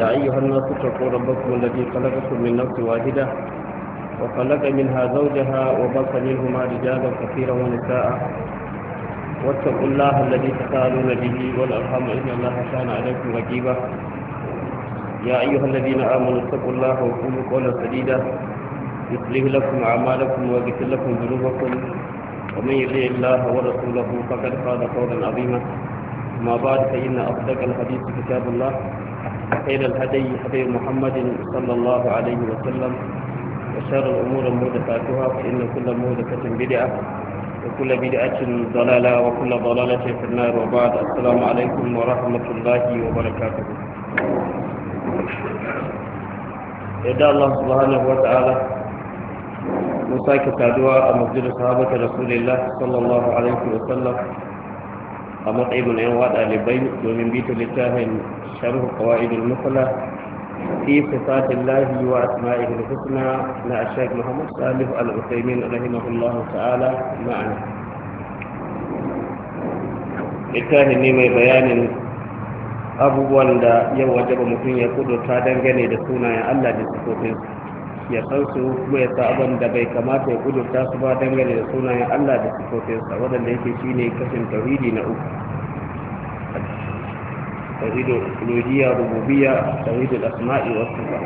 يا أيها الناس اتقوا ربكم الذي خلقكم من نفس واحدة وخلق منها زوجها وبث منهما رجالا كثيرا ونساء واتقوا الله الذي تسالون به والأرحام إن الله كان عليكم رقيبا يا أيها الذين آمنوا اتقوا الله وقولوا قولا سديدا يصلح لكم أعمالكم ويغفر لكم ذنوبكم ومن يطع الله ورسوله فقد قال قولا عظيما ما بعد فإن أصدق الحديث كتاب الله خير الهدي هدي محمد صلى الله عليه وسلم وشر الأمور محدثاتها فإن كل محدثة بدعة وكل بدعة ضلالة وكل ضلالة في النار وبعد السلام عليكم ورحمة الله وبركاته إذا الله سبحانه وتعالى مساكه أدواء مسجد صحابة رسول الله صلى الله عليه وسلم a matsayin yan wa ɗalibai domin bita littafin sharhu qawaidul mufla fi sifatin lahi wa asma'ihi al-husna na ash Muhammad Salih al-Utsaimin rahimahullah ta'ala ma'ana littafin ne mai bayanin abubuwan da ya wajaba mutum ya ta dangane da sunayen Allah da sifofinsa ya san su kuma ya sa abin da bai kamata ya kudurta su ba dangane da sunayen Allah da sifofinsa waɗanda yake shine kashin tauhidi na uku tauhidul uluhiyya rububiyya tauhidul asma'i was sifat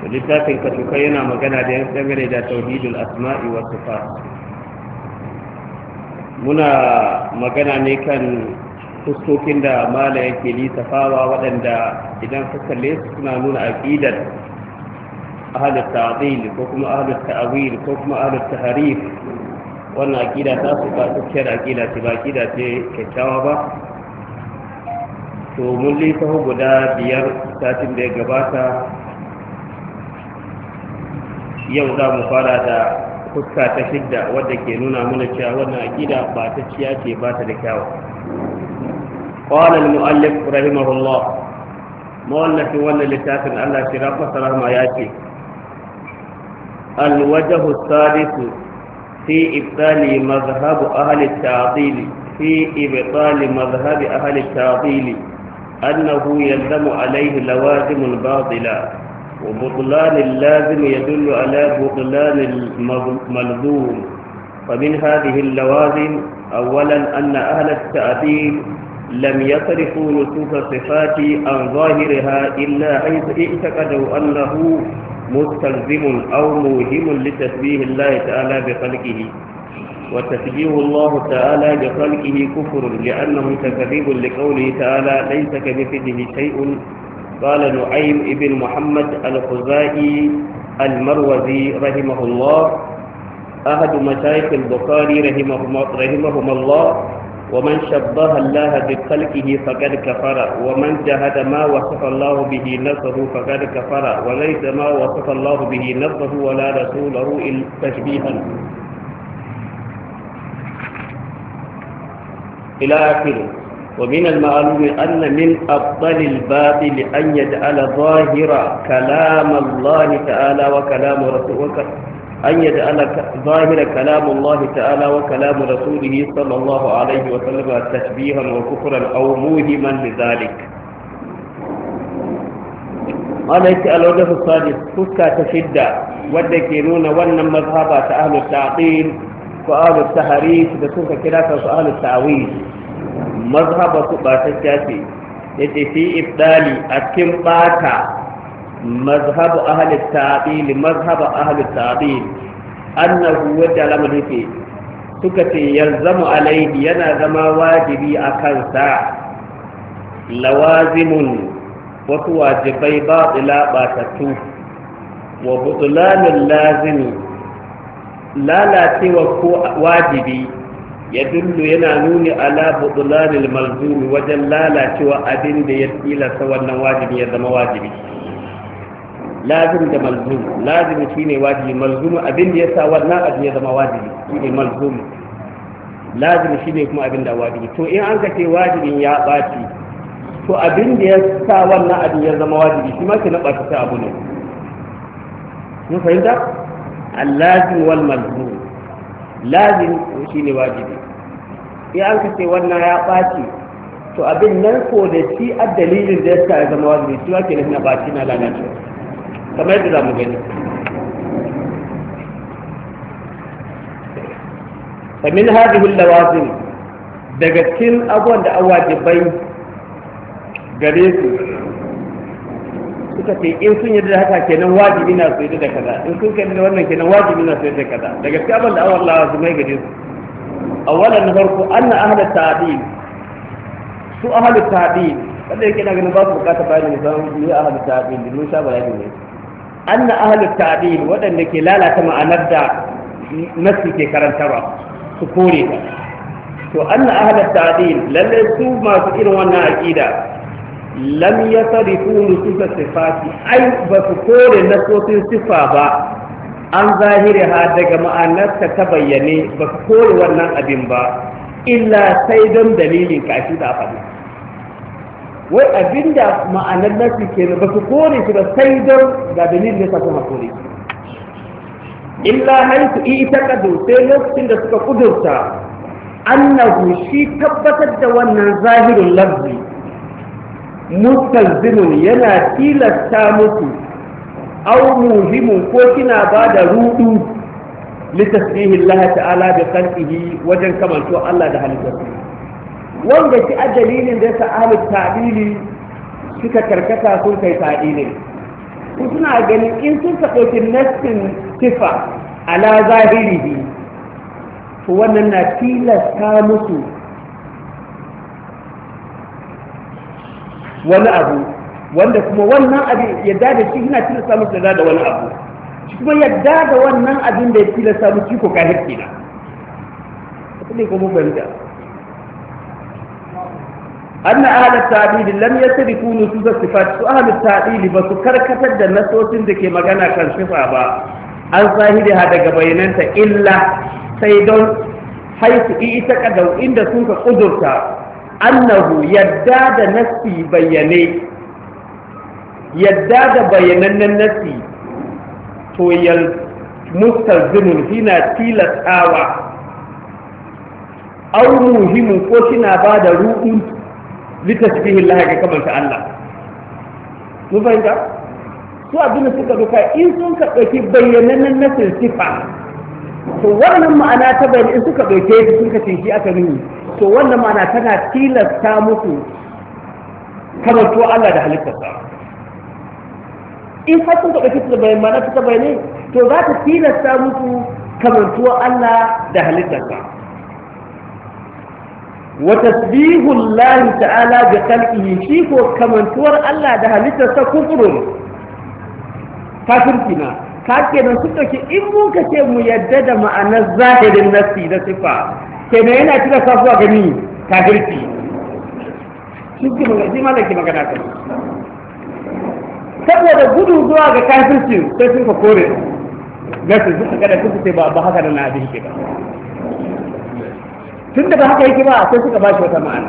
to littafin katuka yana magana da yan dangane da tauhidul asma'i was sifat muna magana ne kan fuskokin da mala yake lissafawa waɗanda idan ka kalle suna nuna aƙidar أهل التعظيم كوكما أهل التأويل كوكما أهل التحريف وانا أكيدا تاسبا تكير أكيدا تبا أكيدا تكتابا تو ملي فهو قدا ديار ساتم دي قباتا يو دا مفارا دا خسكا تشدا نونا منشا وانا أكيدا باتشيا تباتا لكاو قال المؤلف رحمه الله مولا في وانا لتاسم الله شرافة صلاح ما ياتي الوجه الثالث في إبطال مذهب أهل التعطيل في إبطال مذهب أهل التعطيل أنه يلزم عليه لوازم باطلة وبطلان اللازم يدل على بطلان الملزوم فمن هذه اللوازم أولا أن أهل التعطيل لم يصرفوا نصوص الصفات عن ظاهرها إلا حيث اعتقدوا أنه مستلزم أو موهم لتسبيه الله تعالى بخلقه وتسبيه الله تعالى بخلقه كفر لأنه تكذيب لقوله تعالى ليس كمثله شيء قال نعيم ابن محمد الخزائي المروزي رحمه الله أحد مشايخ البخاري رحمه الله ومن شبه الله بخلقه فقد كفر ومن جهد ما وصف الله به نفسه فقد كفر وليس ما وصف الله به نفسه ولا رسوله إلا تشبيها إلى آخره ومن المعلوم أن من أفضل الباطل أن يجعل ظاهر كلام الله تعالى وكلام رسوله أن يجعل ظاهر كلام الله تعالى وكلام رسوله صلى الله عليه وسلم تشبيها وكفرا أو موهما لذلك قال يتي الوجه السادس فكا تشدة ودكيرون ون مذهبة أهل التعقيل فأهل التحريف فكا كلاك فأهل التعويل مذهبة باتشاتي يتي في إبدالي أكيم باتا mazhabu ahli ta'dil mazhabu ahli ta'dil annahu wajal amruke suka ce yalzamu alaihi yana zama wajibi a kansa lawazimun wasu wajibai batila batattu wa butulanul lazimi lalacewa ko wajibi ya dullu yana nuni ala butulanil malzumi wajen lalacewa abin da ya tilasta wannan wajibi ya zama wajibi lazim da malzum lazim shine wajibi malzum abin da ya sa wannan abin ya zama wajibi shine malzum lazim shine kuma abin da wajibi to in an kace wajibin ya baci to abin da ya sa wannan abin ya zama wajibi shi ma ke na baci ta abu ne mun fahimta al-lazim wal malzum lazim shine wajibi in an kace wannan ya baci to abin nan ko da shi a dalilin da ya sa ya zama wajibi shi ma ke na baci na lalacewa kamar yadda za mu gani haɗi hadihul lawazim daga cikin abuwan da awa bai gare su suka ce in sun yarda da haka kenan wajibi na su yarda da kaza in sun yarda da wannan kenan wajibi na su yarda da kaza daga cikin abuwan da an mai gare su awalan na farko an na ahalar ta'adil su ahalar ta'adil wanda yake na ganin ba su bukata bayan nisan ne ahalar ta'adil da nuna sha bayani ne anna ahlul ta'dil waɗanda ke lalata ma'anar da nasu ke ba su kore ta to anna ahlul ta'dil lalle su masu irin wannan aqida lam yasrifu nusus sifati ai ba su kore nasofin sifa ba an zahiri ha daga ma'anarta ta bayyane ba su kore wannan abin ba illa sai don dalilin kashi da faɗi wai abinda ma'anar nafi ke ba su kore su ba sai don ga dalilin da sun hakuri illa haitu ita kadu sai lokacin da suka kudurta annahu shi tabbatar da wannan zahirin lafzi mustalzimun yana tilasta musu au muhimu ko kina ba da rudu litasbihin Allah ta'ala da khalqihi wajen kamanto Allah da halittarsa wanda ki a dalilin da yasa ahlul ta'lili suka karkata sun kai ta'lili ku suna ganin in sun ka dauki nassin sifa ala zahirihi to wannan na tilasta musu wani abu wanda kuma wannan abin yadda da shi yana tilasta musu da wani abu shi kuma yadda da wannan abin da ya tilasta musu ko kahir kenan ne kuma fahimta anna ahli ta'dil lam yasrifu nusus sifat su ahli ta'dil ba su karkatar da nasosin da ke magana kan sifa ba an zahiriha daga bayananta illa sai don haisu ita kadau inda sun ka kudurta annahu yadda da nasi bayyane yadda da bayanannen nasi to yal mustalzimun hina tilastawa au muhimu, ko shina ba da litasbihi Allah ga kamanta Allah mun fahimta su abin suka duka in sun ka dauki bayyanannen nasin to wannan ma'ana ta bayan in suka dauke shi sun ka aka nuni to wannan ma'ana tana tilasta musu kamanto Allah da halittarsa in har sun ka dauki ta bayan ma'ana ta to za ta tilasta musu kamantuwa Allah da halittarsa wa tasbihul lahi ta'ala da khalqihi shi ko kamantuwar Allah da halittarsa kufrun kafirci na ka ke kenan su dauki in mun ka ce mu yadda da ma'anar zahirin nasi da sifa kenan yana kira safuwa gani kafirci shi ke magana shi malaki magana ta saboda gudu zuwa ga kafirci sai sun ka kore gasu suka kada kuka ce ba haka da na abin ke ba tun da ba haka yake ba sai suka ba shi wata ma'ana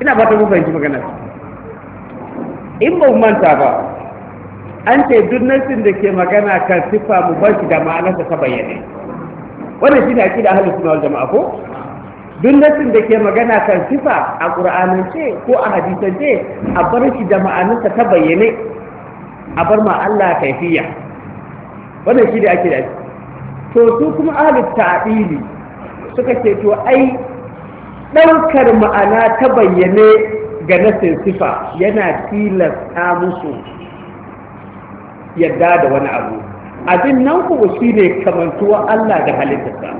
ina ba ta mu fahimci magana in ba manta ba an ce duk nassin da ke magana kan siffa mu bar shi da ma'ana ta bayyane wannan ne aqida ahlus sunna wal jama'a ko duk nassin da ke magana kan sifa a ƙur'anance ko a hadisance a bar shi da ma'ana ta bayyane a bar ma Allah kaifiya wannan shi ne ake da to su kuma ahlul ta'dili suka ce to ai ɗaukar ma'ana ta bayyane ga nasin sifa yana tilasta musu yadda da wani abu abin nan kuma shi ne kamantuwa Allah da halittarsa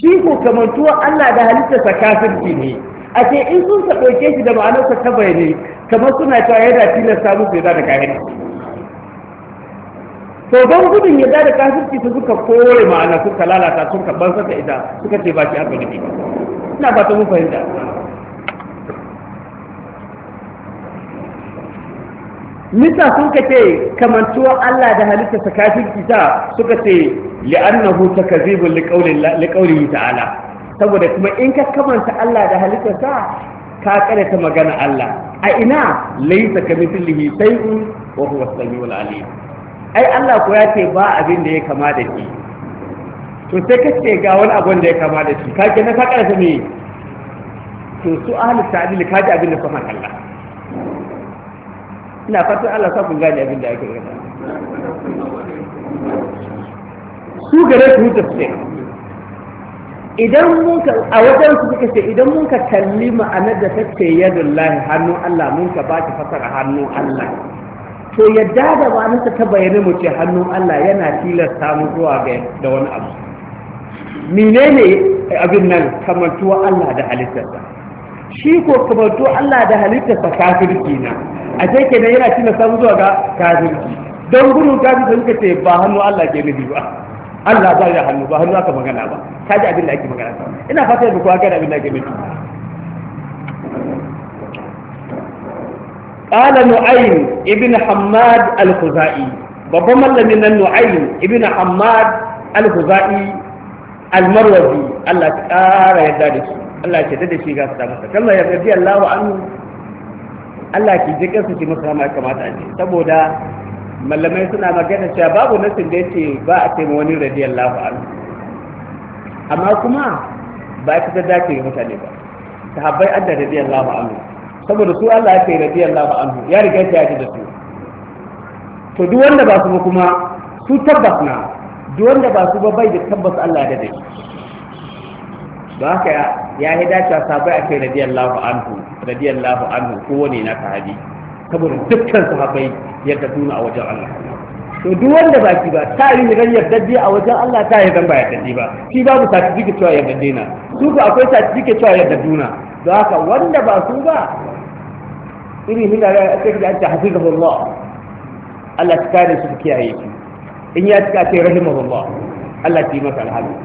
shi ko kamantuwa Allah da halittarsa kafirci ne a ce in sun sa ɗauke shi da ma'anarsa ta bayyane kamar suna cewa yana tilasta musu yadda da kafirci to don gudun ya da kafirci su suka kore ma'ana suka lalata sun ban saka ita suka ce ba shi haka nufi ina ba ta mun fahimta Nisa sun ka ce kamantuwa Allah da halittarsa kafirci ta suka ce li'annahu takazibun liqaulihi ta'ala saboda kuma in ka kamanta Allah da halittarsa ka ta magana Allah a ina laysa kamithlihi shay'un wa huwa as-sami'ul 'alim ai Allah ko ya ce ba abin da ya kama da shi to sai ka ce ga wani abin da ya kama da shi kage na fakar karfa ne to su ahli ta'dil kaji abin da kuma Allah ina fatan Allah sa kun gane abin da yake gaba su gare su da su idan mun ka a wajen su suka ce idan mun ka kalli ma'anar da take yadullahi hannu Allah mun ka ba ki fasara hannu Allah to yadda da ba nuka ta bayyana mu ce hannun Allah yana tilasta mu zuwa ga da wani abu menene abin nan kamantuwa Allah da halittarsa shi ko kamantuwa Allah da halittarsa kafirci na a ce kenan yana tilasta mu zuwa ga kafirki don gudun kafirci suka ce ba hannu Allah ke nufi ba Allah ba ya hannu ba hannu aka magana ba kaji abin da ake magana ina fata da kowa gane abin da ake nufi qala nu'aym ibn hamad al-khuzai babban mallamin nan nu'aym ibn hammad al-khuzai al Allah ya kara yadda da shi Allah ya yadda da shi ga fada masa kalma ya rabbi Allah wa anhu Allah ki je kansa ki masa ma kamata a ce saboda mallamai suna magana cewa babu nasin da ba a wani amma kuma ba ta dace ga ba saboda su Allah ya kai radiyallahu anhu ya riga shi ya ji da su to duk wanda ba su ba kuma su tabbas na duk wanda ba su ba bai da tabbas Allah ya dade ba haka ya yi dacewa sabai a kai radiyallahu anhu radiyallahu anhu wani na sahabi saboda dukkan sahabai yadda tuna a wajen Allah to duk wanda ba shi ba ta yi ran dai a wajen Allah ta yi zan ba yardajje ba shi babu certificate cewa dai na su ko akwai certificate cewa duna don haka wanda ba su ba irin hina da ake da ta hafiza Allah ta kare su ayi ki in ya cika ta rahimahullah Allah Allah yi masa alhamdu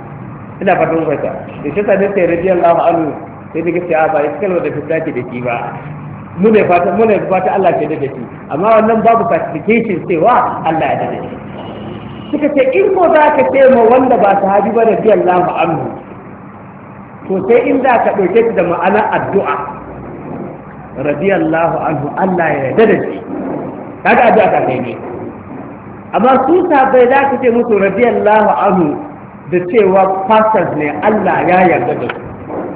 ina fatan ta da shi ne sai radiyallahu anhu sai daga sai ba ya kalmar da fitaki da shi ba mu ne fata mu ne fata Allah ke da shi amma wannan babu certification cewa Allah ya da shi suka ce in ko za ka ce ma wanda ba sahabi ba mu anhu to sai in za ka ɗauke shi da ma'ana addu'a radiyallahu anhu Allah ya yarda da shi kaga addu'a ta kai ne amma su sabai za ka ce musu radiyallahu anhu da cewa pastors ne Allah ya yarda da su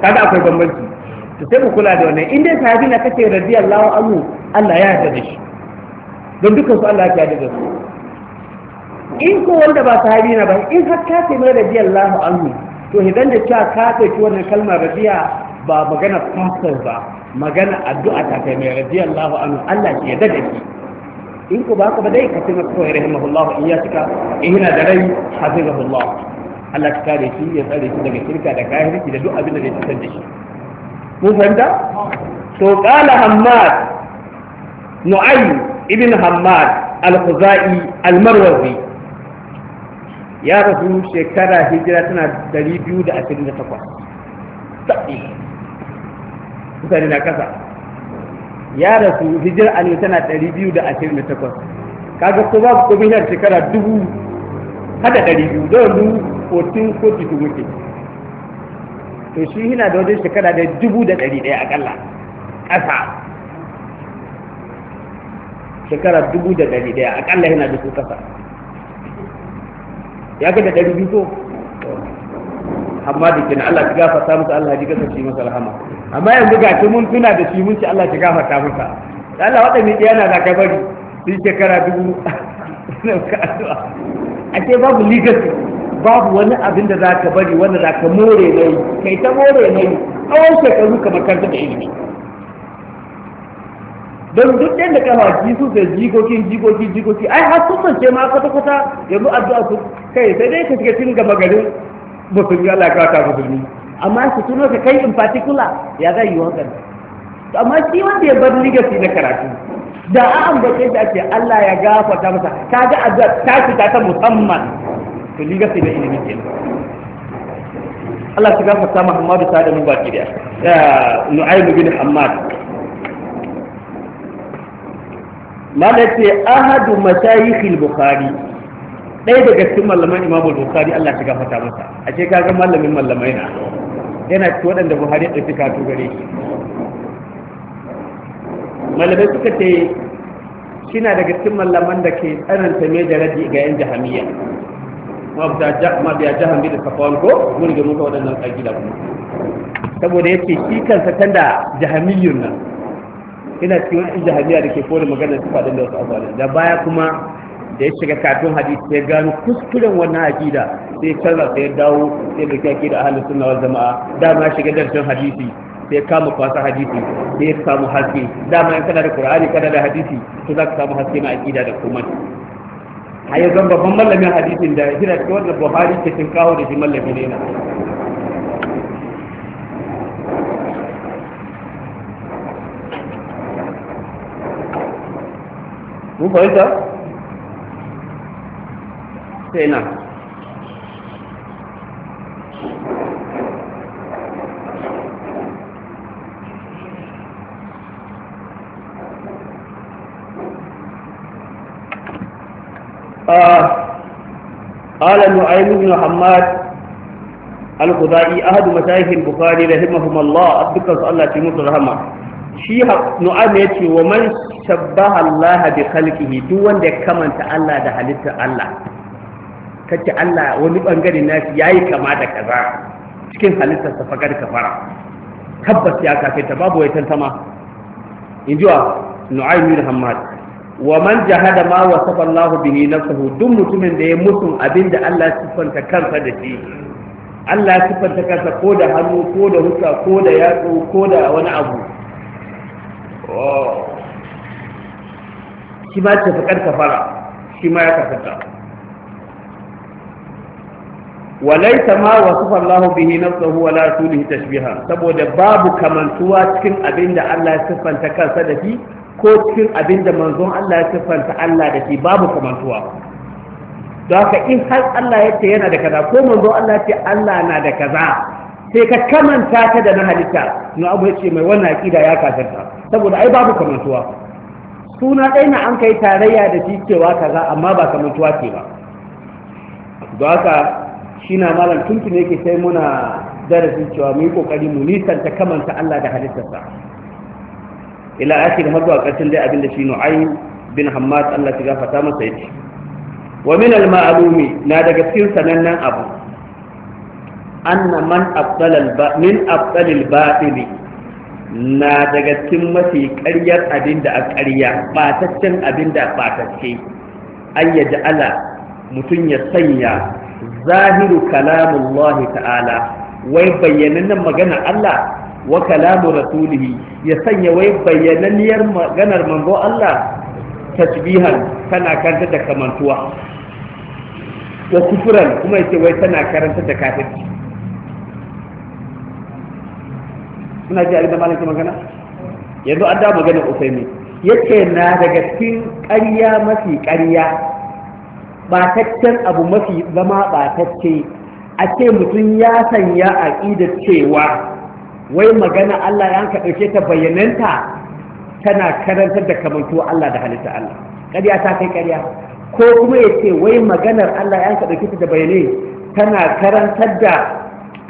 kaga akwai bambanci to sai mu kula da wannan inda sahabi na kace radiyallahu anhu Allah ya yarda da shi don dukkan su Allah ya yarda da su in ko wanda ba sahabi na ba in har ka ce mai radiyallahu anhu to idan da cewa ka ce wannan kalmar radiya ba magana fasal ba magana addu'a ta kai mai radiyallahu anhu Allah ya yarda da shi in ko ba ka ba dai ka ce masa kawai rahimahullahu in ya cika ina da rai hafizahullahu Allah ka kare shi ya tsare shi daga shirka da kafirci da duk abin da zai da shi mun to ƙala hammad nu'ay ibn hammad al-khuzai al-marwazi ya rasu shekara hijira tana 228 tabi mutane na ƙasa. ya rasu hijira ne tana 228 kaga ko ba ko bin shekara dubu hada 200 don 1442 muke to shi yana da wajen shekara da dubu da ɗari ɗaya akalla ƙasa shekara dubu da ɗari ɗaya akalla yana da su ƙasa ya ga da ɗari biyu ko amma da kina Allah ki gafarta masa Allah ya ji kasance masa rahama amma yanzu ga ta mun tuna da shi mun ci Allah ki gafarta masa Allah waɗanne ɗaya na za ka bari sun shekara dubu na ka a ake babu legacy babu wani abin da za ka bari wanda za ka more na yi, kai ta more na yi tsawon shekaru kamar makaranta da ilimi don duk ɗan da kama jisu da jikokin jikokin jikoki ai har sun mace ma kwata kwata yanzu addu'a su kai sai dai ka shiga cikin gaba garin musulmi Allah ka ta musulmi amma su tuno ka kai in particular ya zai yi wankan amma shi wanda ya bar legacy na karatu da a ambace shi ake ce Allah ya gafarta masa kaga addu'a ta fita ta musamman to ni gasi da ilimin kenan Allah ya fata Muhammadu da mu Baki da Nu'aym bin Hammad malace ahadu masayikhil bukhari dai daga cikin malaman imamu bukhari Allah ya fata masa a ce kaga malamin malamai na yana ci waɗanda buhari fika to gare shi malamai suka ce kina daga cikin malaman da ke tsananta mai da raji ga yan jahamiyya ma biya jahan bi da safawan ko mun ga muka waɗannan ƙaƙida kuma saboda ya ce shi kansa kan da jahamiyyun nan ina cikin wani jahamiyya da ke kone maganar su faɗin da wasu abuwa da baya kuma da ya shiga kafin hadisi ya gano kuskuren wannan aƙida sai ya canza sai ya dawo sai da kyaki da ahalin sunna wal jama'a dama shiga darshen hadisi sai kama kwasa hadisi sai ya samu haske dama in kana da qur'ani kana da hadisi to za ka samu haske na aƙida da komai a ya zan babban mallamin hadisin da yana cikin wannan buhari ke cin kawo da shi mallami ne na mun fahimta sai na قال نعيم بن حماد الخزائي أحد مشايخ البخاري رحمهما الله أبدك الله عليه وسلم shi nu'am ya ce wa man shabbaha Allah bi khalqihi duk wanda ya kamanta Allah da halittar Allah kace Allah wani bangare nashi yayi kama da cikin halittar sa fakar kafara tabbas ya kafe ta babu wai tantama injiwa nu'aymi da hammad wa man jahada ma wasafa Allah bihi nafsuhu duk mutumin da ya musun abin da Allah sifanta kansa da shi Allah sifanta kansa ko da hannu ko da huska ko da yatsu ko da wani abu shi ma ce fakar kafara shi ma ya kafata walaita ma wasafa Allah bihi nafsuhu wala rasulihi tashbiha saboda babu kamantuwa cikin abin da Allah sifanta kansa da shi ko cikin abin da manzon Allah ya siffanta Allah da shi babu kamantuwa don haka in har Allah ya ce yana da kaza ko manzon Allah ya ce Allah na da kaza sai ka kamanta ta da na halitta na abu ce mai wannan aƙida ya kasarta saboda ai babu kamantuwa suna ɗaya na an kai tarayya da shi cewa kaza amma ba kamantuwa ce ba don haka shi na malam tuntune ke sai muna darasin cewa mu yi ƙoƙari mu nisanta kamanta Allah da halittarsa ila akhir har zuwa ƙarshen dai abin da shi nu'aym bin hammad Allah ya gafarta masa wa min al ma'lumi na daga cikin sanannen abu anna man afdala al ba min afdal al na daga cikin mafi ƙaryar abin da a ƙarya ɓataccen abin da ɓatacce an ya ja'ala mutum ya sanya zahiru kalamullahi ta'ala wai bayyanannen magana Allah wa kalamu rasulihi ya sanya wai bayyananniyar maganar manzo Allah tasbihan tana karanta da kamantuwa wa kufuran kuma yace wai tana karanta da kafirci Kuna ji abin da malam ke magana yanzu an da magana usaimi yace na daga cikin ƙarya mafi ƙarya bataccen abu mafi zama batacce a ce mutum ya sanya aƙidar cewa wai magana Allah ya ka ɗauke ta bayyananta tana karantar da kamanto Allah da halitta Allah ƙarya ta kai ƙarya ko kuma ya ce wai maganar Allah ya ka ɗauke ta da bayanai tana karantar da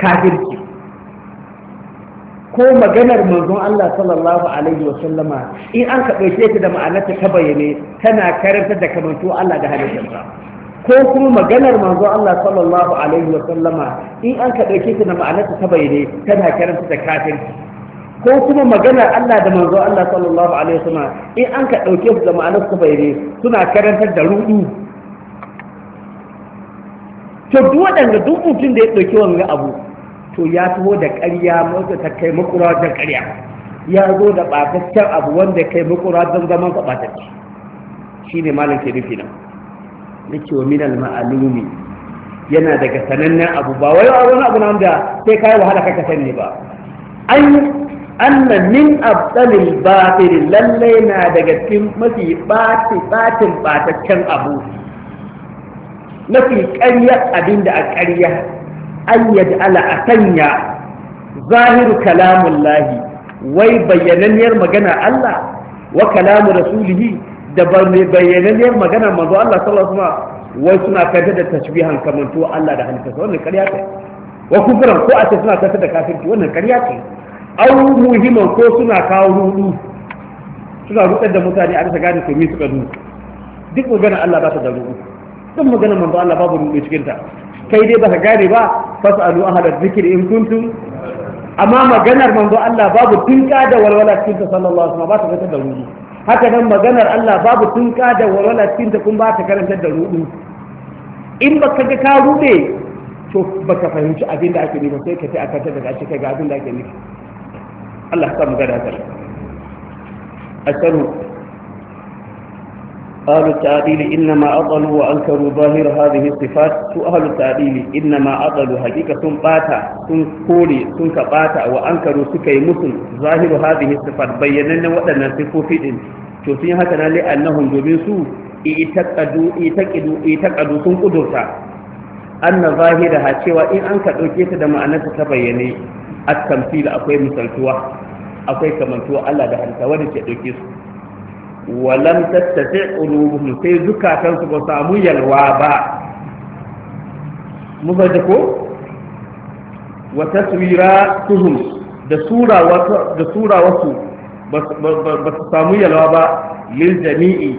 kafirci ko maganar manzon Allah sallallahu alaihi wa sallama in an ka ɗauke ta da ma'anarta ta bayyane tana karantar da kamanto Allah da halittarsa ko kuma maganar manzo Allah sallallahu alaihi wa sallama in an ka dauke ta da ma'anarta ta bayyane tana karanta da kafirci ko kuma maganar Allah da manzo Allah sallallahu alaihi wa sallama in an ka dauke ta da ma'anarta ta bayyane suna karantar da rudu to duk waɗanda duk mutum da ya dauke wanga abu to ya taho da ƙarya mota ta kai makura wajen ƙarya ya zo da ɓataccen abu wanda kai makura don zaman ka ta ci, shine malam ke nufi nan yake wa minal ma'alumi yana daga sanannen abu ba wai wani abu na da sai kai wahala kaka sani ba an anna min abdalil batil lalle na daga cikin mafi bati batin bataccen abu mafi ƙarya abin da a ƙarya an yaj'ala a sanya zahiru kalamun wai bayyananniyar magana Allah wa kalamu rasulihi da ba ne bayyananniyar magana manzo Allah sallallahu alaihi wasallam wai suna kaita da tashbihan kamantu Allah da halittarsa wannan ƙarya ce wa kufran ko a ce suna kaita da kafirci wannan ƙarya ce au muhimman ko suna kawo rudu suna rudar da mutane a bisa gane su mi suka dudu duk magana Allah ba ta da rudu duk magana manzo Allah babu rudu cikin ta kai dai baka gane ba fasalu ahla dhikri in kuntum amma maganar manzo Allah babu tinka da walwala cikin ta sallallahu alaihi wasallam ba ta da rudu haka nan maganar Allah babu tun ka da walwala cikin ta kun ba ta karantar da rudu in baka ga ka rude to baka fahimci abin da ake ba sai ka ta akanta daga shi ka ga abin da ake nufi Allah ya sa mu gada ta asaru أهل التعديل إنما أضلوا وأنكروا ظاهر هذه الصفات أهل التعديل إنما أضلوا حقيقة ثم باتا ثم كولي ثم كباتا وأنكروا سكي مسلم ظاهر هذه الصفات بينا وأننا صفوا في إن شوفين هكذا لأنهم جبنسوا إيتقدوا إيتقدوا إيتقدوا ثم قدرتا أن ظاهرها cewa in an ka ɗauke ta da ma'anarta ta bayyane a tamfila akwai misaltuwa akwai kamantuwa Allah da halitta wanda ke ɗauke su walam tattafi qulubuhum sai zukatan su ba samu yalwa ba mu fada ko wa taswira tuhum da sura wata da sura wasu ba su samu yalwa ba lil jami'i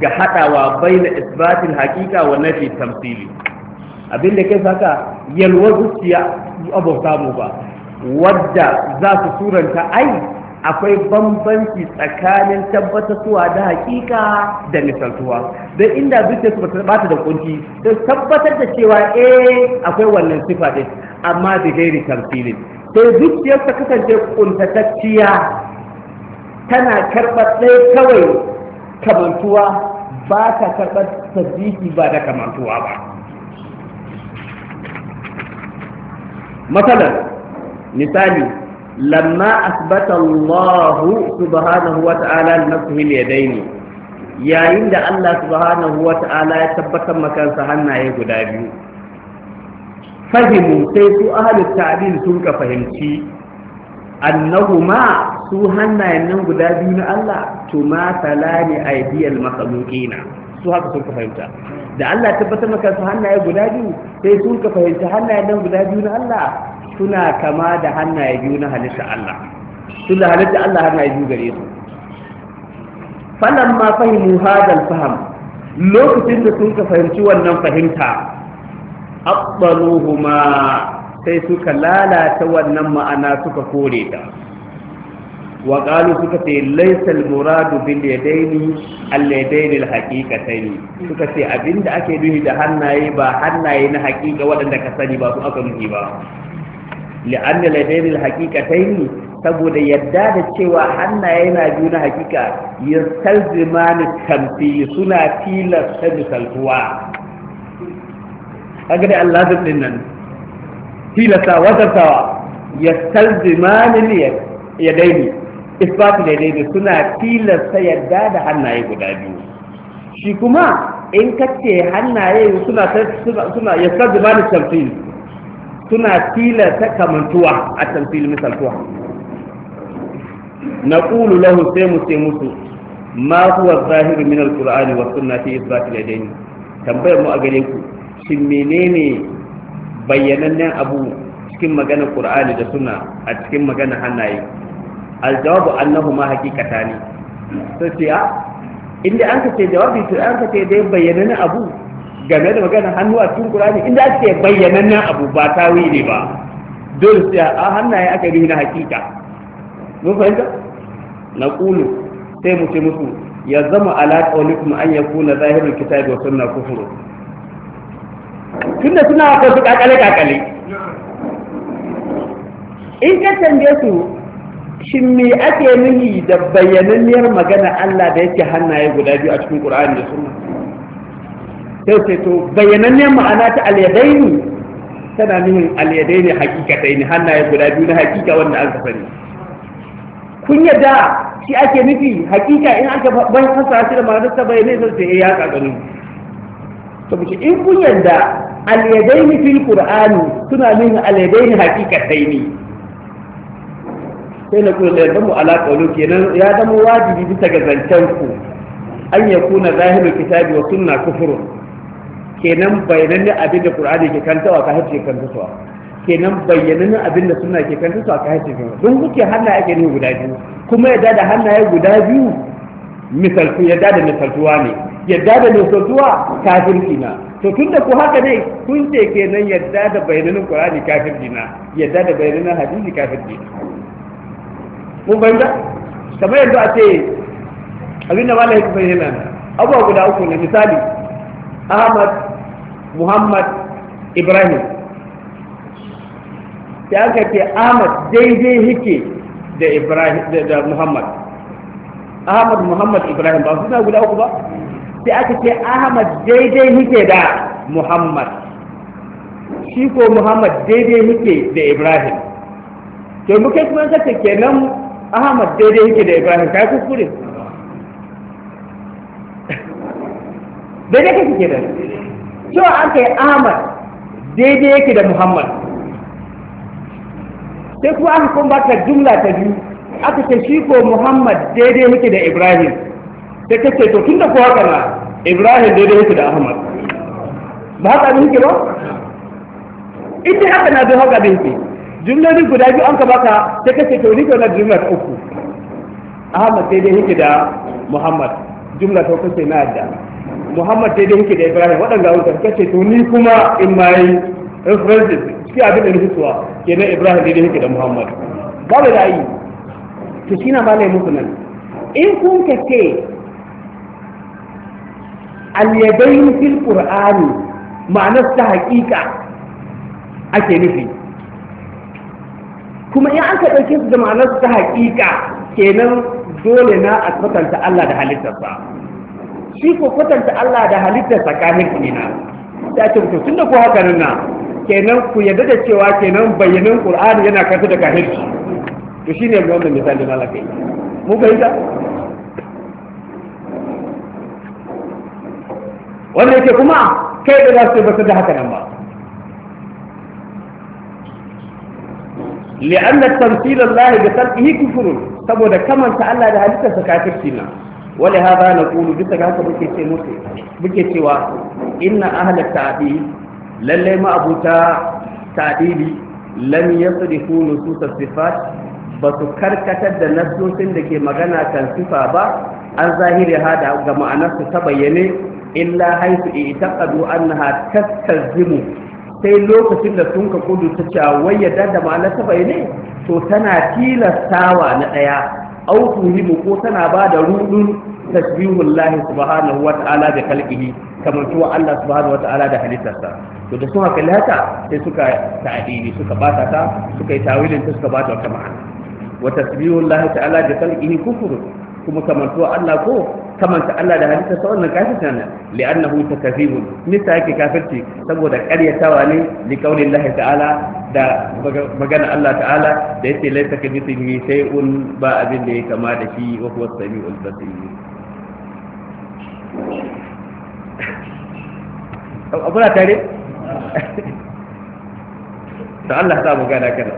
ga hadawa baina isbatil haqiqa wa nafi tamthili abinda kai saka yalwa zuciya abota samu ba wadda za su suranta ai akwai bambanci tsakanin tabbatarwa da hakika da misaltuwa don inda zuciya su ba ta da kunci don tabbatar da cewa eh akwai wannan sifa din amma da gairi tamfilin sai zuciyar ta kasance kuntatacciya tana karɓar ɗaya kawai kamantuwa ba ta karɓar sadiki ba da kamantuwa ba misali lamma asbata Allah subhanahu wa ta'ala nafsihi al-yadaini yayin da Allah subhanahu wa ta'ala ya tabbatar makansa hannaye guda biyu fahimu sai su ahlul ta'dil sun ka fahimci annahuma su hannaye nan guda biyu na Allah to ma talani aidiyal makhluqina su haka sun ka fahimta da Allah tabbatar maka su hannaye guda biyu sai sun ka fahimci hannayen nan guda biyu na Allah suna kama da hannaye biyu na halitta Allah suna halitta Allah hannaye biyu gare su falan ma fahimu hadal faham lokacin da sun ka fahimci wannan fahimta Abbaruhuma sai suka lalata wannan ma'ana suka kore ta Wakalu qalu suka ce laysa al-muradu bil yadaini al-yadaini al-haqiqatayn suka ce abinda ake nufi da hannaye ba hannaye na haƙiƙa waɗanda ka sani ba su aka nufi ba li'anna al-yadaini al-haqiqatayn saboda yadda da cewa hannaye na biyu na haƙiƙa yastalzimani tamfi suna tilasta Allah nan tilasta ya isbatu da daidai suna tilasta yadda da hannaye guda biyu shi kuma in kace hannaye suna suna ya sa zuba da tamfil suna tilasta kamantuwa a tamfil misaltuwa na ƙulu lahu sai mu ce musu ma huwa zahiru min alqur'ani wa sunnati isbatu isbatil dai tambayar mu a gare ku shin menene bayyanannen abu cikin magana qur'ani da sunna a cikin maganar hannaye الجواب annahu ma hakikata ne sai ah, inda an ka ce jawabi to an ka ce dai bayyanannen abu game da magana hannu a cikin Qur'ani inda aka ce bayyanannen abu ba ne ba dole sai a ah, hannaye aka yi na hakika mun fahimta na qulu sai mu ce musu ya zama ala qawlikum an yakuna zahirul kitabi wa sunna kufru tunda suna ka su kakale kakale in ka tambaye su shin me ake nuni da bayyananniyar magana Allah da yake hannaye guda biyu a cikin Qur'ani da Sunna sai sai to bayyananniyar ma'ana ta al-yadaini tana nuhin al-yadaini ne, hannaye guda biyu na hakika wanda an sani kun yadda shi ake nufi hakika in aka bai fasa shi da ma'anar ta bayyane sai sai eh, ya kagaru to muke in kun yadda al-yadaini fil Qur'ani suna nuhin al-yadaini ne. sai na kuma da mu ala qawlu kenan ya zama wajibi bisa ga zancen ku an ya kuna zahirul kitabi wa sunna kufrun kenan bayanan da abin da qur'ani ke kanta wa ka hace kantawa kenan bayyanan abin da sunna ke kanta wa ka hace kantawa don kuke hannaye ake ne guda biyu kuma yadda da hannaye guda biyu misal ku yadda da misaltuwa ne yadda da misaltuwa kafirci na to tun da ku haka ne kun ce kenan yadda da bayanan qur'ani kafirci na yadda da bayanan hadisi kafirci na kun fahimta kamar yanzu a ce abin da malam hikima yana abubuwa guda uku ne misali ahmad muhammad ibrahim sai aka ce ahmad daidai hike da ibrahim da muhammad ahmad muhammad ibrahim ba suna guda uku ba sai aka ce ahmad daidai hike da muhammad shi ko muhammad daidai hike da ibrahim ke muke kuma kace kenan ahmad daidai yake da ibrahim ta kuskure daidai kake ke da cewa an kai ahmad daidai yake da muhammad sai kuma aka kuma baka jumla ta biyu aka ce shi ko muhammad daidai yake da ibrahim sai ka ce to tun da kowa kana ibrahim daidai yake da ahmad ba haka abin yake ba ita haka na bin haka abin yake jumlolin guda biyu an ka baka sai kace to ni kana jumla ta uku Ahmad sai dai yake da Muhammad jumla ta uku sai na yadda Muhammad sai dai yake da Ibrahim waɗanda wuta kace to ni kuma in my references cikin abin da nufuwa kenan Ibrahim sai dai yake da Muhammad ba da yi to shi na malai muku nan in kun ka ce al-yadayn fil qur'ani ma'anar ta haƙiƙa ake nufi kuma in an ka ɗauke su da ma'anarsu ta haƙiƙa kenan dole na a kwatanta Allah da halittarsa shi ko kwatanta Allah da halittarsa kamin ku na ta ce tun tunda ku haka nan na kenan ku yarda da cewa kenan bayyanin Qur'ani yana kanta da kafirci to shine yanzu wannan misali na lafi mu fahimta wanda yake kuma kai da za su ba da haka nan ba لأن التمثيل الله بتركه كفر saboda kamanta Allah da halittarsa kafirci na wale haza na kulu bisa ga muke ce musu muke cewa inna ahla ta'di lalle ma abuta ta'dili lam yasrifu nusus sifat ba su karkatar da nasosin da ke magana kan sifa ba an zahiri hada ga ma'anarsu ta bayyane illa haisu itaqadu annaha tastazimu sai lokacin da sun ka kudu ta cewa wai yadda da ma nasabai ne to tana tilastawa na ɗaya au himu ko tana ba da rudun tasbihul lahi subhanahu wa ta'ala da kalqihi kamar cewa Allah subhanahu wa ta'ala da halittarsa to da suka kalli haka sai suka ta'dili suka bata ta suka yi tawilin ta suka bata wata ma'ana wa tasbihul lahi ta'ala da kalqihi kufrun kuma kamantuwa Allah ko kamanta Allah da halitta sa wannan kafirci ne li'annahu takazibun nisa yake kafirci saboda ƙaryatawa ne li qaulillahi ta'ala da magana Allah ta'ala da yace laysa kamithlihi shay'un ba abin da ya kama da shi wa huwa samiul basir abuna tare ta Allah ta magana kana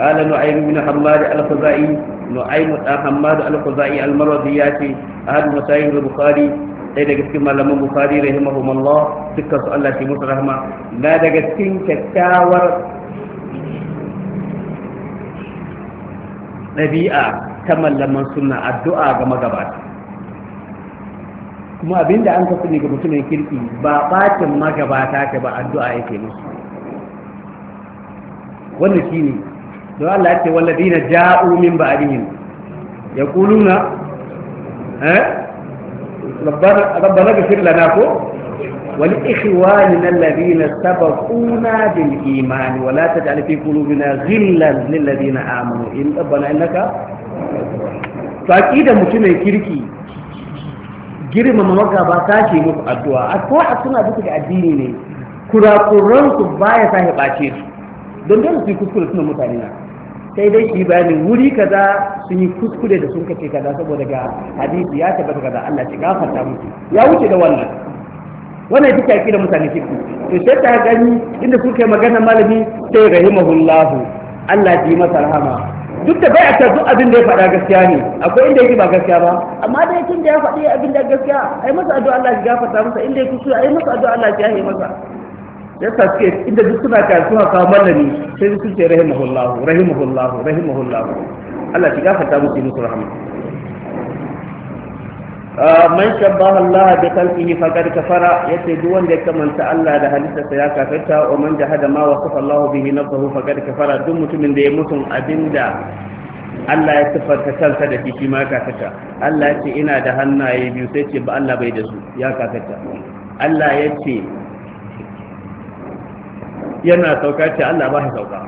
قال نعيم بن حماد الخزائي nu'aymu da ah, hammad al-khuzai al-marwazi ya ce ahad masahih al-bukhari ɗaya daga cikin malaman bukhari rahimahumullah dukkan su Allah shi musu rahma na daga cikin kyakkyawar ɗabi'a ta mallaman sunna addu'a ga magabata kuma abinda an kasu ne ga mutumin kirki ba bakin magabata ka ba addu'a yake musu wannan shine don Allah ya ce walladina ja'u min ba'dihim yaquluna eh rabbana rabbana lana ko wal ikhwanina alladhina sabaquna bil iman wa la taj'al fi qulubina ghillan lil ladina amanu in rabbana innaka to aqida mutumin kirki girmama magaba ta ce muku addu'a a ko a suna duka da addini ne kurakuran su baya sa ya bace su don dole su kuskure suna mutane na sai dai shi bayanin wuri kaza sun yi kuskure da sun kace kaza saboda ga hadisi ya tabbata kaza Allah ya gafarta musu ya wuce da wannan wannan ita ce da mutane ke to sai ta gani inda suka yi magana malami sai rahimahullahu Allah ya yi masa rahama duk da bai a duk abin da ya faɗa gaskiya ne akwai inda yake ba gaskiya ba amma da yake da ya faɗi abin da gaskiya ai masa addu'a Allah ya gafarta masa inda ya kuskure ai masa addu'a Allah ya yi masa yasa suke inda duk suna kai suna kawo mallami sai su ce rahimahullahu rahimahullahu rahimahullahu Allah shi gafarta musu musu rahama ah, man shabbaha Allah bi khalqihi faqad kafara yace duk wanda ya kamanta Allah da halittarsa ya kafirta wa man jahada ma wasafa Allah bihi nafsuhu faqad kafara duk mutumin da ya mutun abinda Allah ya siffanta kansa da shi ma kafirta Allah ya ce ina da hannaye biyu sai ce ba Allah bai da su ya kafirta Allah ya ce yana sauka ce Allah ba shi sauka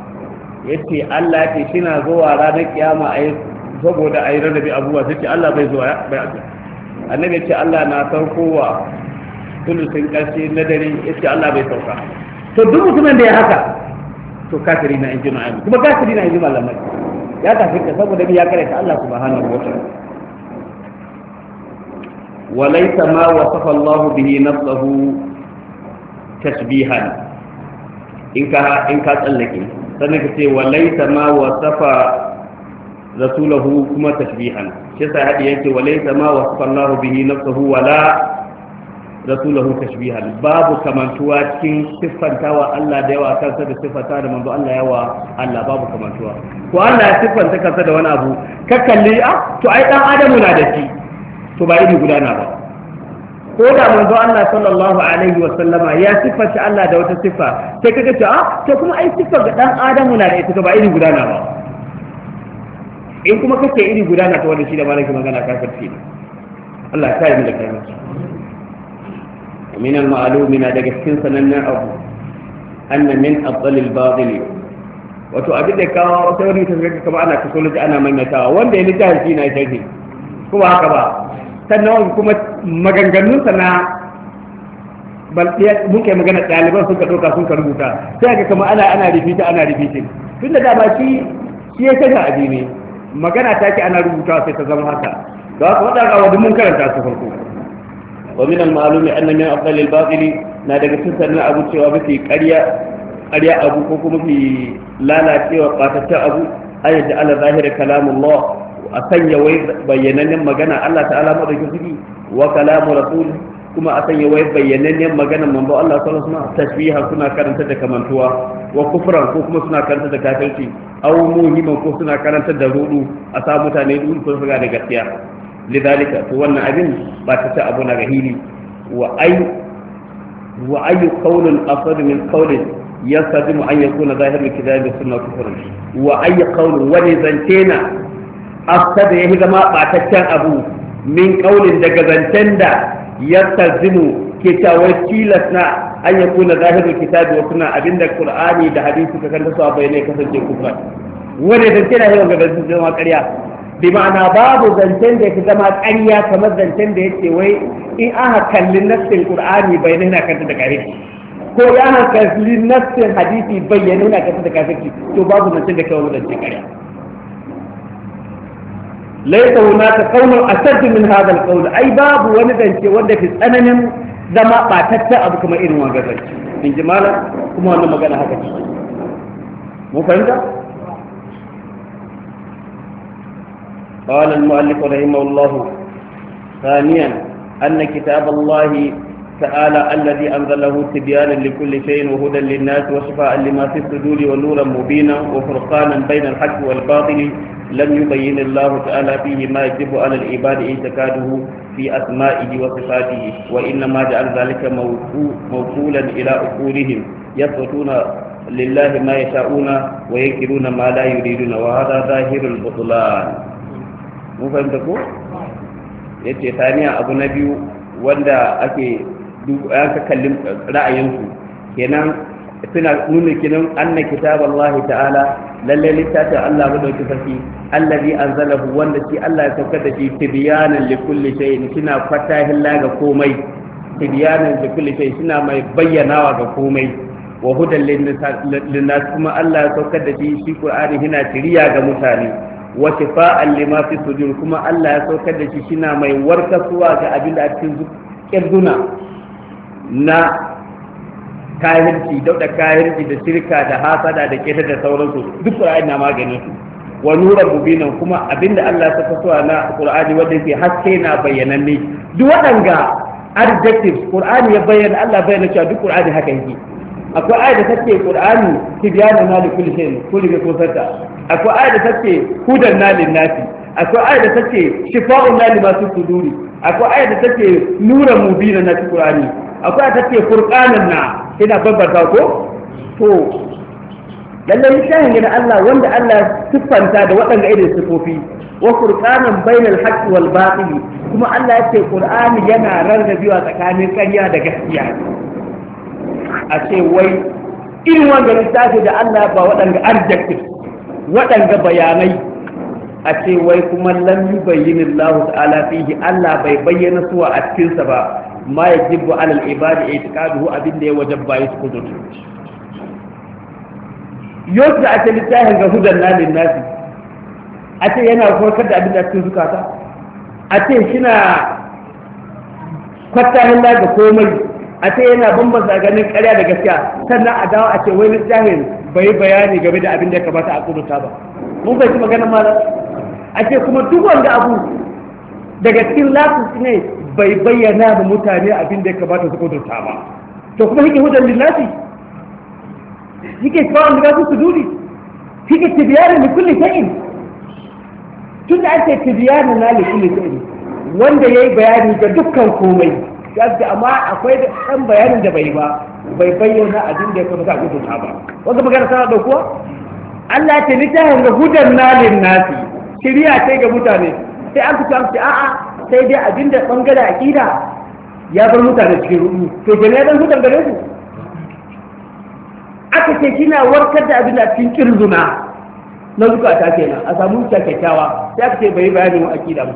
yace Allah shi na zuwa ranar kiyama yi saboda a ai rarrabe abubuwa sai ce Allah bai zuwa bai abu annabi yace Allah na saukowa tulusin karshe na dare yace Allah bai sauka to duk mutumin da ya haka to kafiri na injin ma'ami kuma kafiri na injin malamai ya tafi ka saboda bi ya karanta Allah subhanahu wa ta'ala وليس ما وصف الله به نفسه تشبيها in ka in ka tsallake sannan ka ce walaita ma wasafa rasulahu kuma tashbihan shi sai hadi yake walaita ma wasafa Allah bihi nafsuhu wala rasulahu tashbihan babu kamantuwa cikin siffantawa Allah da yawa kansa da siffanta da manzo Allah yawa Allah babu kamantuwa ko Allah ya siffanta kansa da wani abu ka kalli a ah, to ai dan adamu na da shi to ba iri gudana ba ko da manzo Allah sallallahu alaihi wa sallama ya siffanta Allah da wata siffa sai kaga ce ah to kuma ai siffar ga dan adamu na da ita ba irin gudana ba in kuma kace iri gudana ta wanda shi da malaki magana kafirci ne Allah ya kai mu da kafirci min al-ma'lum na daga cikin sanannen abu anna min afdal al-batil wato abin da kawo sai wani ta kaga kamar ana kasoloji ana manyatawa, wanda ya littafi na shi kuma haka ba sannan kuma maganganunsa na mun kai magana ɗaliban sun ka ɗauka sun ka rubuta sai ga kama ana ana rifita ana rifitin tun da dama shi shi ya kaga abi ne magana ta ke ana rubuta sai ta zama haka ba ku waɗanda wadda mun karanta su farko wa min al-ma'lumi anna min afdal al na daga cikin sanin abu cewa mafi ƙarya ƙarya abu ko kuma mafi lalacewa ƙataccen abu ayyada ala kalamun kalamullah a sanya wai bayyanannen magana Allah ta'ala madaukin sarki wa kalamu rasul kuma a sanya wai bayyanannen magana manzo Allah sallallahu alaihi wasallam tashbiha suna karanta da kamantuwa wa kufran ko kuma suna karanta da kafirci aw muhiman ko suna karanta da rudu a sa mutane duk sun fuga da gaskiya lidalika to wannan abin ba ta ta abu na rahili wa ay wa ay qawlun asad min qawlin yastadimu an yakuna zahirul kitabi sunna kufrun wa ay qawlun wa zantena afta da ya zama ɓataccen abu min ƙaunin daga zancen da ya tarzimu ke cewa tilas na an yi kuna zahiru kitabi wa na abinda qur'ani da hadisi ka kanta su a wani kasance kufra wanda zance na yawan gaba zama karya? bi ma'ana babu zancen da ya fi zama karya kamar zancen da ya ce wai in aka kalli nassin qur'ani bayanai na kanta da ƙarfi ko ya hankali nassin hadisi bayyana yana kanta da kafirci to babu zancen da kawai wani zancen karya laisa hunaka qawlun asad min hadha alqawl ai babu wani zance wanda ke tsananin zama batatta abu kamar irin wanga zance in ji malam kuma wannan magana haka ce mun fahimta قال المؤلف رحمه الله ثانيا أن كتاب الله تعالى الذي أنزل له تبيانا لكل شيء وهدى للناس وشفاء لما في الصدور ونورا مبينا وفرقانا بين الحق والباطل لم يبين الله تعالى فيه ما يجب على العباد اعتقاده في أسمائه وصفاته وإنما جعل ذلك موصولا إلى عقولهم يثبتون لله ما يشاءون وينكرون ما لا يريدون وهذا ظاهر البطلان مو فهمتكم؟ yace saniya abu na biyu wanda ake duk ka kalli ra'ayinsu kenan suna nuna kinan anna kitaballahi ta'ala lalle littafin Allah madauki sarki allazi anzalahu wanda shi Allah ya sauka da shi tibyanan li kulli shay'in kina fatahin la ga komai tibyanan li kulli shay'in kina mai bayyanawa ga komai wa hudan linnas kuma Allah ya sauka da shi shi Qur'ani yana tiriya ga mutane wa shifa'an lima fi sudur kuma Allah ya sauka da shi shina mai warkasuwa ga abin da a cikin kirguna na kahirci dauda kahirci da shirka da hasada da keta da sauransu duk qur'ani na maganin su wa nuran mubinan kuma abinda Allah ya saka suwa na qur'ani wanda yake haske na bayyananne duk waɗanga adjectives qur'ani ya bayyana Allah bayyana cewa duk qur'ani haka yake akwai ayat da take qur'ani tibyana na li kulli shay'in kulli bi kusata akwai ayat da take hudan na lin nasi akwai ayat da take shifa'un na li masu kuduri akwai ayat da take nuran mubinan na qur'ani akwai ta ce furqanan na ina babbata ko to lallai shahin da Allah wanda Allah siffanta da waɗanda irin sifofi wa furqanan bainal haqqi wal batil kuma Allah ya ce Qur'ani yana rarrabewa tsakanin ƙarya da gaskiya a ce wai irin wanda littafi da Allah ba waɗanda adjective waɗanda bayanai a ce wai kuma lam yubayyin lahu ta'ala fihi Allah bai bayyana suwa a cikinsa ba ma ya jibbu alal ibadi itiqaduhu abin da ya wajabba ya kudu yau da ake littafin ga hudan nalin nasi a ce yana farkar da abin da cikin zukata a ce shina kwattahin da ga komai a ce yana bambanta ganin karya da gaskiya sannan a dawo a ce wai littafin bai bayani game da abin da ya kamata a kuduta ba mun fahimci maganar malam a ce kuma duk wanda abu daga cikin lasus ne bai bayyana da mutane abin da ya kamata su kudurta ba to kuma hike hujjar lillahi hike kawai da su duri hike tibiyarin da kulli sa'in tun da ake tibiyarin na da kulli sa'in wanda ya yi bayani ga dukkan komai yadda amma akwai ɗan bayanin da bai ba bai bayyana abin da ya kamata a kudurta ba wanda magana sana da kuwa Allah ce littafin da hudar nalin nasi shirya ce ga mutane sai an fito an a'a sai dai abinda bangare a aqida ya bar mutane cikin ruɗu to jami'a ɗan hutan gare su aka ce kina warkar da abin da cikin kirzuna na zukata kenan a samu zuciya kyakkyawa sai aka ce bai bayanin a aqida ba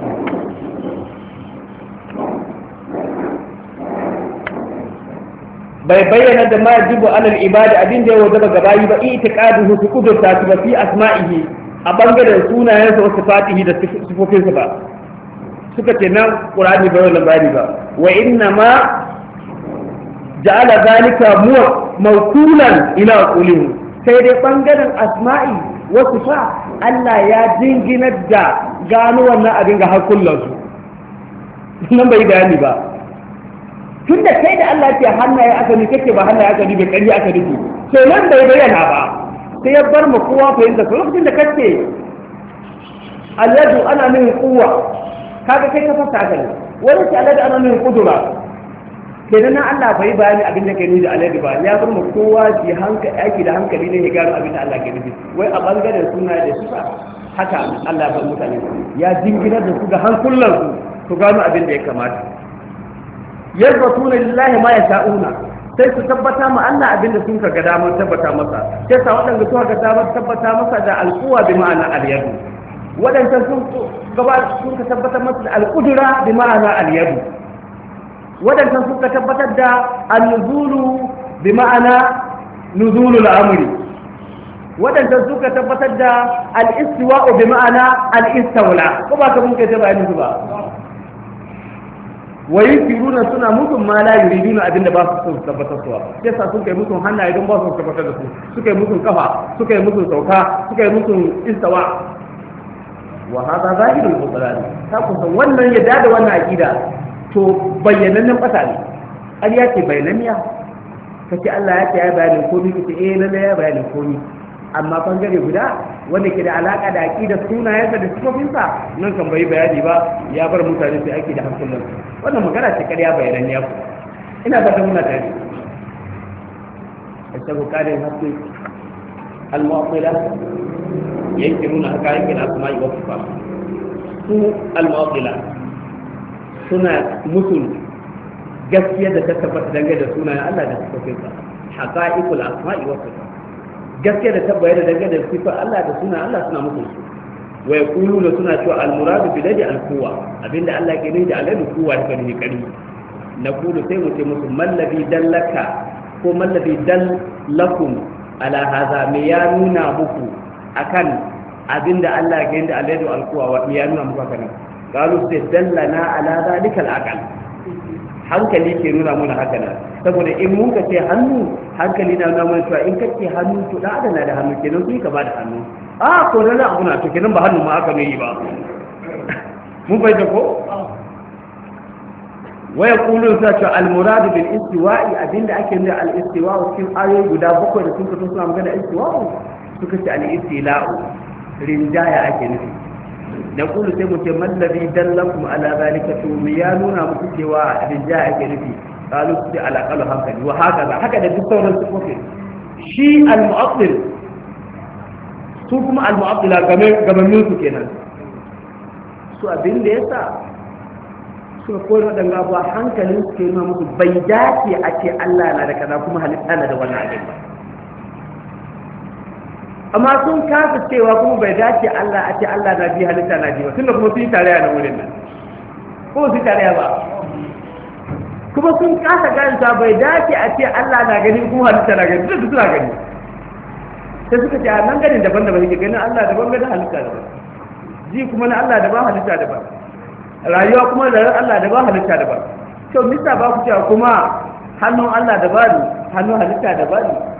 bai bayyana da ma jibu alal ibada abin da ya wajaba gabayi ba itiqaduhu su kudurta su ba fi asma'ihi a bangaren sunayensa wasu fatihi da sifofinsa ba suka ce nan ƙurani bai wannan bayani ba wa inna ma ja'ala zalika muwa mawkulan ila qulihim sai dai bangaren asma'i wasu fa Allah ya jinginar da gano wannan abin ga kullansu nan bai bayani ba Tunda sai kai da Allah ce hannaye aka ni kake ba hannaye aka ni bai kari aka nufi sai nan bai bayyana ba sai ya bar ma kowa fahimta to lokacin da kake alyadu ana min kuwa kaga kai ka fasa haka ne wani ce alyadu ana min kudura kenan na Allah bai bayani abin da ke nuni da alyadu ba ya bar ma kowa ji hankali aiki da hankali ne ya gano abin da Allah ke nufi wai a bangaren suna da sifa haka Allah ya bar mutane ya jinginar da su ga hankulansu su su gano abin da ya kamata yarbatuna lillahi ma yasha'una sai su tabbata ma Allah abinda sun ka ga damar tabbata masa sai sa waɗanda suka ga damar tabbata masa da alƙuwa bi ma'ana al-yadu waɗanda sun gaba sun ka tabbatar masa da al-qudra bi ma'ana al-yadu waɗanda sun ka tabbatar da al-nuzulu bi ma'ana nuzulul amri waɗanda suka tabbatar da al istiwa bi ma'ana al-istawla ko ba ka mun kai ta bayani ba wa yunkiruna suna mutum ma la yuriduna da ba su so tabbatar suwa sai sa sun kai mutum hannaye don ba su tabbatar da su suka yi mutum kafa suka yi mutum sauka suka yi mutum istawa wa hada zahirul mutalani ta kusa wannan ya dada wannan aqida to bayyanannen fata ne an ya ce bayyananniya kace Allah ya ce ya bayanin komai kace eh lalle ya bayanin komai amma bangare guda wanda ke da alaka da aqida sunayensa da sifofinsa nan kan bai bayani ba ya bar mutane su aiki da hankulan wannan magana ce ƙarya bayanan ya ku ina ba ta muna tare A sabu kare hakki al haka yake na kuma yi wasu ba su al-mu'attila suna musul gaskiya da ta tabbata dangane da sunayen Allah da sifofinsa haqa'iq al-asma'i wa sifat Gaske da tabbayar da dangane da sifar Allah da suna Allah suna muku su wa yaquluna suna cewa al-muradu bi ladi al abinda Allah ke nufi da al quwa da kan hikari na kulu sai mu ce musu mallabi dallaka ko mallabi dal lakum ala hadha me ya nuna muku akan abinda Allah ke nufi da al quwa wa ya nuna muku akan qalu sai dallana ala dhalika al-aqal hankali ke nuna mana haka nan saboda in mun ka ce hannu hankali na nuna mana cewa in ka ce hannu to da adana da hannu kenan sun ka ba da hannu a ko na abu na to kenan ba hannu ma haka mai yi ba mun bai da ko waya kulun sa cewa almuradu bil istiwa'i abinda ake nuna al istiwa'u cikin ayoyi guda bakwai da sun fito suna magana istiwa'u suka ce al istila'u rinjaya ake nufi kulu sai muke mallabi man ladhi dallakum ala zalika to me ya nuna muku cewa abin ja ake nufi qalu sai ala qalu hankali wa haka ba, haka da duk sauran sifofi shi al-mu'attil su kuma al game, gabanin su kenan su abin da yasa Su suka koyar waɗanda abuwa hankalin su ke nuna musu bai dace a ce Allah na da kaza kuma halitta na da wannan abin ba amma sun kasa cewa kuma bai dace Allah a ce Allah na bi halitta na bi ba tunda kuma sun yi tarayya na wurin nan ko sun tarayya ba kuma sun kasa ganta bai dace a ce Allah na gani kuma halitta na gani duk suna gani sai suka ce a nan ganin daban daban yake ganin Allah daban ganin halitta daban ji kuma na Allah daban halitta daban rayuwa kuma da Allah daban halitta daban to mista ba ku cewa kuma hannun Allah daban hannun halitta daban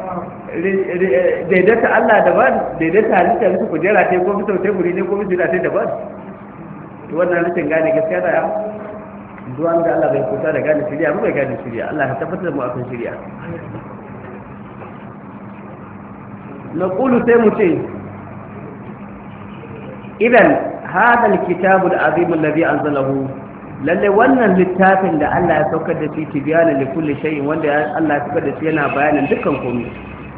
daidaita Allah daban daidaita halitta bisa kujera ta ko bisa teburi ne ko bisa da ta daban to wannan rashin gane gaskiya da duwan da Allah bai kusa da gane shirya mu bai gane shirya Allah ya tabbatar da mu akan shirya na kulu sai mu ce idan hadal kitabul azim alladhi anzalahu lalle wannan littafin da Allah ya saukar da shi tibyana li kulli shay'in wanda Allah ya saukar da shi yana bayanin dukkan komai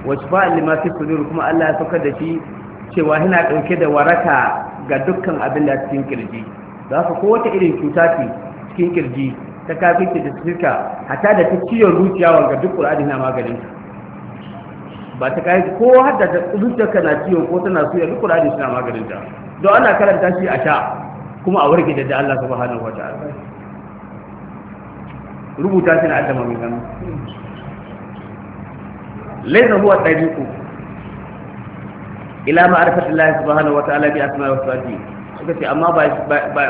washfa'an lima fi sudur kuma Allah ya saukar da shi cewa yana dauke da waraka ga dukkan abin da cikin kirji za ka ko wata irin cuta ce cikin kirji ta kafirci da shirka hata da ta ciyar zuciya ga duk Qur'ani na maganin ba ta kayi ko har da zuciyarka na ciwon ko tana suya duk Qur'ani suna maganin ta don ana karanta shi a sha kuma a warke da Allah subhanahu ta'ala rubuta shi na addama mai laysa huwa tariqu ila ma'rifati Allah subhanahu wa ta'ala bi asma'i wa sifati suka ce amma ba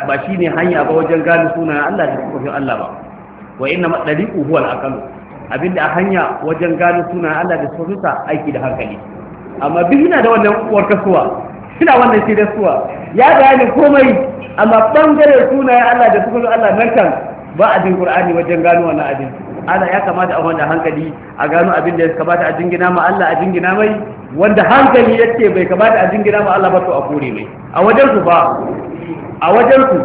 ba shine hanya ba wajen gane sunayen Allah da kuma Allah ba wa inna ma tariqu huwa al-aqal abinda a hanya wajen gane sunayen Allah da sunan aiki da hankali amma bi ina da wannan uwar kasuwa ina wannan sai da suwa ya bayani komai amma bangare sunayen Allah da sunan Allah nan kan ba a din Qur'ani wajen gano wannan abin ala ya kamata a wanda hankali a gano abin da ya kamata a jingina ma Allah a jingina mai wanda hankali yake bai kamata a jingina ma Allah ba to a kore mai a wajen ku ba a wajen ku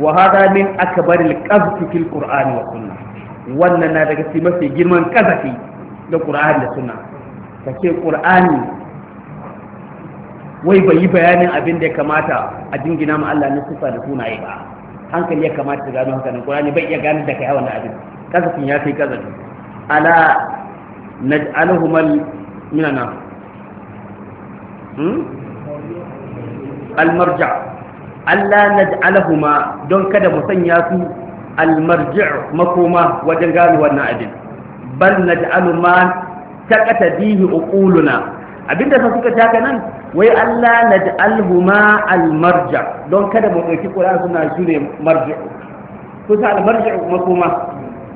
wa hada min akbaril qazfi fil qur'an wa sunnah wannan na daga cikin mafi girman kazafi da qur'ani da sunna kace qur'ani wai bai yi bayanin abin da ya kamata a jingina ma Allah na sifa da sunaye ba hankali ya kamata ta gano haka nan Qur'ani bai iya gane da kai wannan abin kasafin ya kai kazafi ala naj'aluhumal minana almarja Allah naj'alahuma don kada mu sanya su almarji' makoma wajen gano wannan abin bal ta ma taqatadihi uquluna abinda sa suka taka nan wai Allah na alhuma almarja don kada mu ɗauki ƙura suna su ne marja ko ta almarja makoma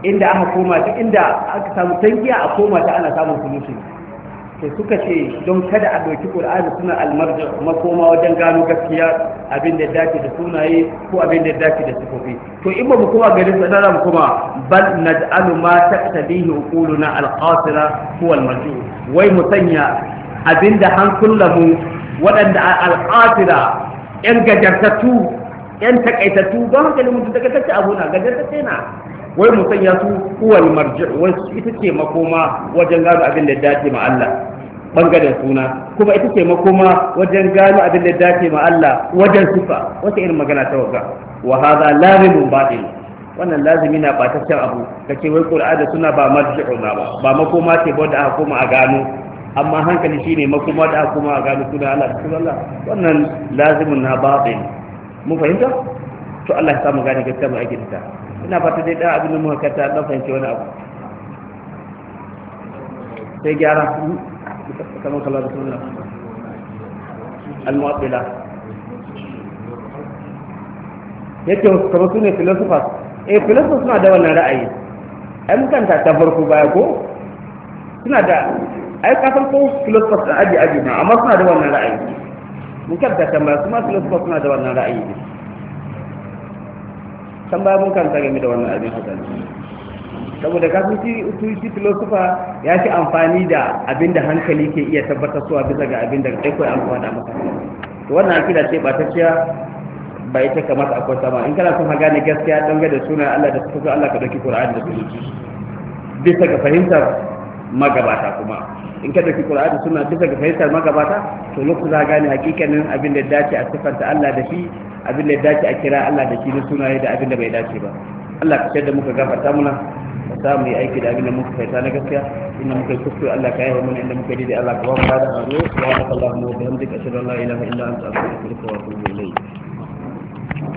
inda aka koma ta inda aka samu tankiya a koma ta ana samun solution sai suka ce don kada a ɗauki ƙur'ani suna almarji makoma wajen gano gaskiya abin da dace da sunaye ko abin da dace da sifofi to in ba mu koma garin sa za mu koma bal naj'alu ma taqtadihi uquluna alqasira huwa almarji wai mu sanya abin da hankulanmu waɗanda alqasira yan gajartatu yan takaitattu ba hankalin mutum daga tace abu na gajartace na wai mu sanya su huwal marji'u ita ce makoma wajen gano abin da dace ma Allah bangaren suna kuma ita ce makoma wajen gano abin da dace ma Allah wajen sifa wata irin magana ta waga wa hadha lazimun batil wannan lazimi na bataccen abu kace wai qur'ani da suna ba marji'u na ba ba makoma ce ba da aka koma a gano amma hankali shine makoma da kuma a gano suna Allah da sunan Allah wannan lazimun na batil mun fahimta to Allah ya samu gane gaskiya mu aiki ta ina fata dai da abin da muka karta Allah wani abu sai gyara kamar kallon da sunan al-mu'abbila yake kamar eh suna da wannan ra'ayi ai mutanta ta farko baya ko suna da ai ko da aji aji na amma suna da wannan ra'ayi mun tambaya su ma suna da wannan ra'ayi ne san ba mun kanta game da wannan abin haka saboda kafin shi shi filosofa ya fi amfani da abin da hankali ke iya tabbatar suwa bisa ga abin da kai koyi amfani da maka to wannan akida ce ba ta ciya ba ita kamata a sama in kana son hagani gaskiya danga da sunan Allah da sunan Allah ka dauki Qur'ani da sunna bisa ga fahimtar magabata kuma in ka dauki qur'ani suna bisa ga fahimtar magabata to lokacin za gane hakikanin abin da dace a sifanta Allah da shi abin da dace a kira Allah da shi na sunaye da abin da bai dace ba Allah ka da muka gafarta muna ka sa mu yi aiki da abin da muka fahimta na gaskiya inda muka yi kuskure Allah ka yawa mun inda muka yi da Allah ka ba mu da hannu wa ta'ala Allahumma wa bihamdika ashhadu an la ilaha illa anta astaghfiruka wa atubu ilayk